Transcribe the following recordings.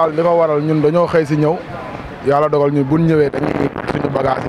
dal li waral ñun dañoo xey ci ñew yalla dogal ñu buñ ñëwee dañuy suñu bagage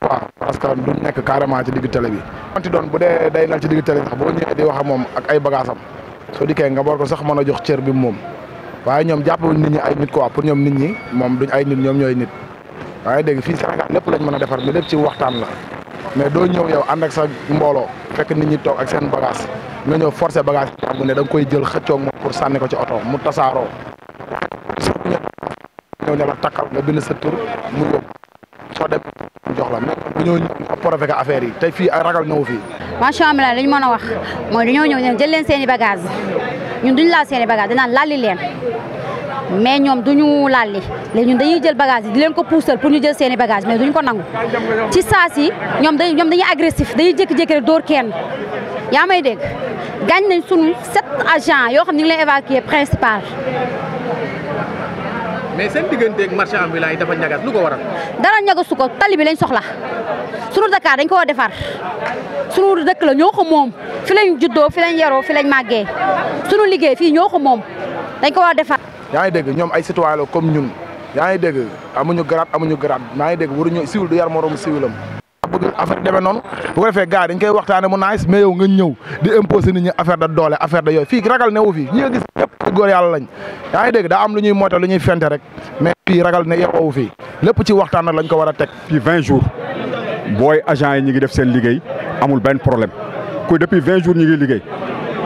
wa parce que duñ nek carrément ci digg télé bi anti doon bu dé day nal ci digg télé sax bo ñëwee di wax ak moom ak ay bagage am so diké nga bor ko sax mëna jox cër bi mom waye ñom japp nit ñi ay nit quoi pour ñom nit ñi mom duñ ay nit ñom ñoy nit waye dégg fi Sénégal lepp lañ mëna défar defar mais lépp ci waxtaan la mais do ñew yow and ak sa mbolo fekk nit ñi tok ak seen bagage nga ñëw forcer bagage bu ne dang koy jël xëccok mo pour sanni ko ci auto mu tassaro ñëw ne ma takkal nga bind sa tur mu yóbbu soo dem yi tey fii ay ragal ñëw fii. macha allah li ñu a wax mooy dañoo ñëw ne jël leen seen i bagage ñun duñu laal seen i bagage dinaan lalli leen mais ñoom duñu lalli dañuy jël bagage yi di leen ko puusal pour ñu jël seen i bagage mais duñ ko nangu ci saa si ñoom dañuy ñoom dañuy agressif dañuy jékki-jékki rek door kenn yaa may dégg gaañ nañ sunu sept agents yoo xam ne ñu principal mais seen digganteeg marché ambulant yi dafa ñagas lu ko waral. dara ñagasu ko tali bi lañ soxla sunu Dakar dañ ko war defar sunu dëkk la ñoo ko moom fi lañ juddoo fi lañ yaroo fi lañ màggee sunu liggéey fii ñoo ko moom dañ ko war a defar. yaa ngi dégg ñoom ay citoyen la comme ñun yaa ngi dégg amuñu garaat amuñu garaat maa ngi dégg waruñu siwil du yar moromu siwilam bëgg affaire demee noonu bu ko defee gars dañ koy waxtaane mu naagis mais yow nga ñëw di imposer nit ñi affaire da doole affaire da yooyu fii ragal newu fii ñi nga gis ñëpp góor yàlla lañ yaa ngi dégg daa am lu ñuy moyta lu ñuy fente rek mais fii ragal ne yeewu fii lépp ci waxtaan lañ ko war a teg fii vingt jours booy agent yi ñi ngi def seen liggéey amul benn problème kuy depuis vingt jours ñi ngi liggéey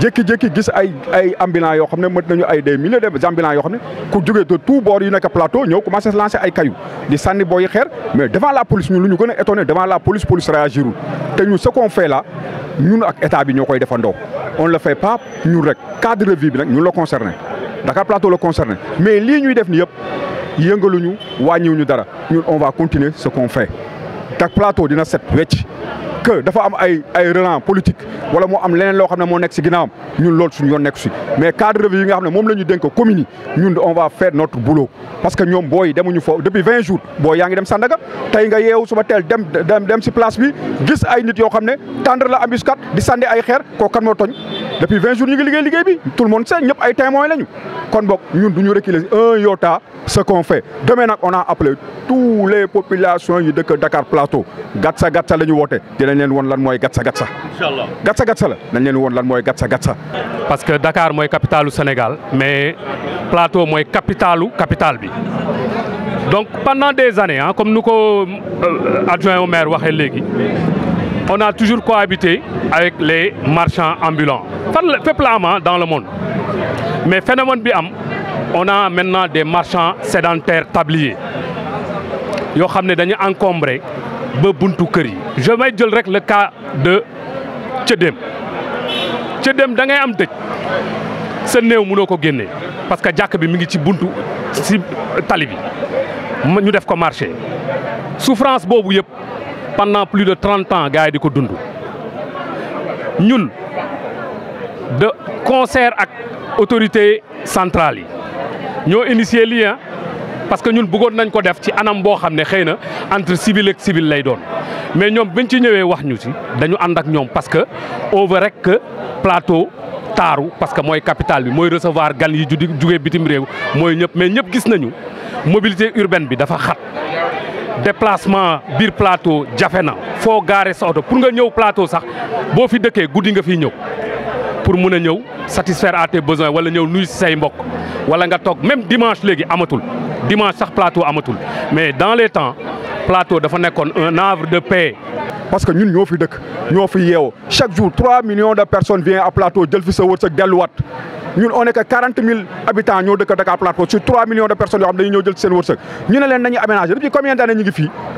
jékki-jékki gis ay ay ambulants yo xam ne nañu ay des milliers de ambulants yo xam ku jógee de tout bord yu nekk plateau ñëw commencé lancer ay cailloux di sànni booy xeer mais devant la police ñu luñu gëna étonné devant la police police réagirul té ñu ce qu'on fait là ñun ak état bi ñokoy koy on le fait pas ñun rek cadre de vie bi nak ñun la concerné Dakar Plateau le concerné mais li ñuy def ni yëpp yëngaluñu wàññiwuñu dara ñun on va continuer ce qu'on fait Dakar Plateau dina set wecc que dafa am ay ay relents politique wala moo am leneen loo xam ne moo nekk si ginnaawam ñun loolu suñu yoon nekk si mais cadre de yi nga xam ne moom la ñu dénk commune yi on va faire notre boulot parce que ñoom booy demuñu foofu depuis vingt jours booy yaa ngi dem Sandaga tey nga yeewu suba teel dem dem si place bi gis ay nit yoo xam ne tendre la embuscade di sànni ay xeer kooku kan moo tooñ depuis 20 jours ñu liggéey bi tout le monde sait ñëpp ay témoins lañu kon bok ñun nous reculer un iota ce qu'on fait demain on a appelé tous les populations de Dakar Plateau gatsa gatsa lañu woté dinañ leen won lan moy gatsa gatsa. inshallah gatsa gatsa la nañ leen won lan moy gatsa gatsa. parce que Dakar capitale du Sénégal mais Plateau moy la capitale bi. donc pendant des années hein, comme nous ko euh, adjoint au maire waxé légui on a toujours cohabité avec les marchands ambulants. peuple hein, Peuplement dans le monde. Mais phénomène biam, on a maintenant des marchands sédentaires tabliers. Ils sont encombrés de buntu yi. Je vais dire le cas de Tchedem. Tchedem, vous avez un deuil. Ce n'est pas guenné parce que Jack bi mi ngi ci buntu ci tali bi ñu def ko marché souffrance bobu yépp pendant plus de trente ans gars di ko dund ñun de concert ak autorité centrale yi ñoo initier lien parce que ñun bëggoon nañ ko def ci anam boo xam ne xëy na entre civil ak civil lay doon mais ñoom biñ ci ñëwee wax ñu ci dañu ànd ak ñoom parce que on veut plateau taaru parce que mooy capitale bi mooy resevoir gan yi ju jugee bitim réew mooy ñëpp mais ñëpp gis nañu mobilité urbaine bi dafa xat déplacement Bir plateau jafena na gares sa pour nga ñëw plateau sax bo fi dëkkee vous nga fi ñëw pour mun vous satisfaire à tes besoins wala ñëw nuyu say mbokk wala nga même dimanche légui amatul dimanche sax plateau amatul mais dans les temps plateau dafa un havre de paix. parce que nous ñoo fi dëkk ñoo fi chaque jour 3 millions de personnes viennent à plateau jël fi sa de wat ñun on est que quarante mille habitants ñoo dëkk Dakar Plateau sur trois millions de personnes yoo xam dañuy ñëw jël ci seen wërsëg ñu ne leen nañu aménager depuis combien d'années ñu ngi fii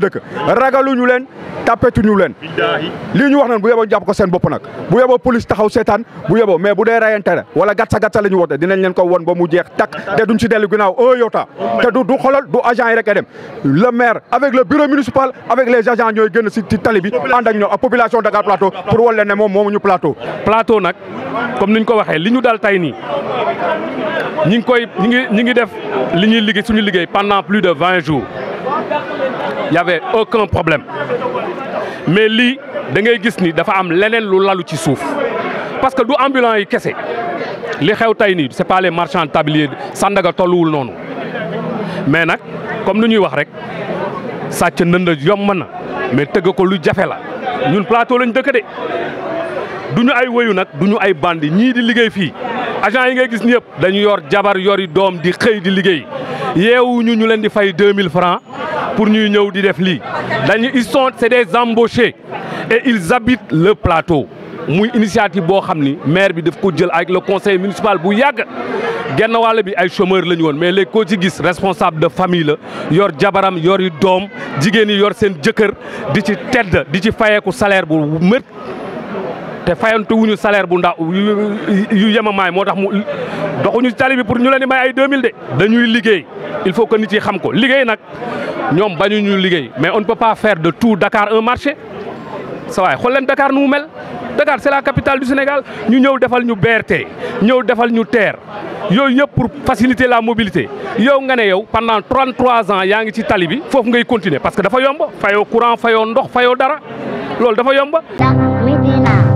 ragalou dëkk ragaluñu len tappetuñu leen lii ñu wax naan bu yabo japp ko seen bop nak bu yabo police taxaw setan bu yabo mais bu dee rayante la wala gatsa gatsa lañu ñu dinañ leen ko won ba mu jeex tak te duñ ci dellu ginaaw o yota oh te du du xolal du agent rek dem le maire avec le bureau municipal avec les agents ñoy génn ci tali bi and ak ñoom population Dakar Plateau pour wolé né mom moom plateau plateau nak comme niñ ko waxé li ñu dal tay ni ñing koy ñingi ñingi def li ñuy suñu liggé pendant plus de vingt jours y avait aucun problème mais lii dangay gis ni dafa am leneen lu lalu ci suuf parce que du ambulant yi kese li xew tey nii c'est pas les marchands de tablier Sandaga tolluwul noonu mais nag comme lu ñuy wax rek sàcc ndënd yomb na mais tëgg ko lu jafe la ñun plateau lañ dëkk de du ñu ay wëyu nag du ñu ay bandi ñii di liggéey fii agent yi ngay gis ñëpp dañu yor jabar yori doom di xëy di liggéey yeewu ñu ñu leen di fay 2000 francs pour ñuy ñëw di def lii ils sont c'est des embauchés et ils habitent le plateau muy initiative boo xam maire bi daf ko jël avec le conseil municipal bu yàgg genn wàll bi ay chômeurs lañu won mais les koo ci gis responsable de famille la yor jabaram yor yu dom jigéen yi yor sen jëkkeur di ci tedd di ci fayeeku salaire bu mët te fayantu wuñu salaire bu nda yu yemamaay may motax mu doxuñu ci tali bi pour ñu leen may ay 2000 de. dañuy liggéey il faut que nit yi xam ko liggéey nag ñoom bañuñu liggéey mais on ne peut pas faire de tout Dakar un marché sa way xol leen Dakar nu mel Dakar c'est la capitale du Sénégal ñu ñëw defal ñu berté ñëw defal ñu terre yooyu yëpp pour faciliter la mobilité yow nga né yow pendant 33 ans yaa ngi ci tali bi foofu ngay continuer parce que dafa yomb fayo courant fayo ndox fayo dara loolu dafa yomb.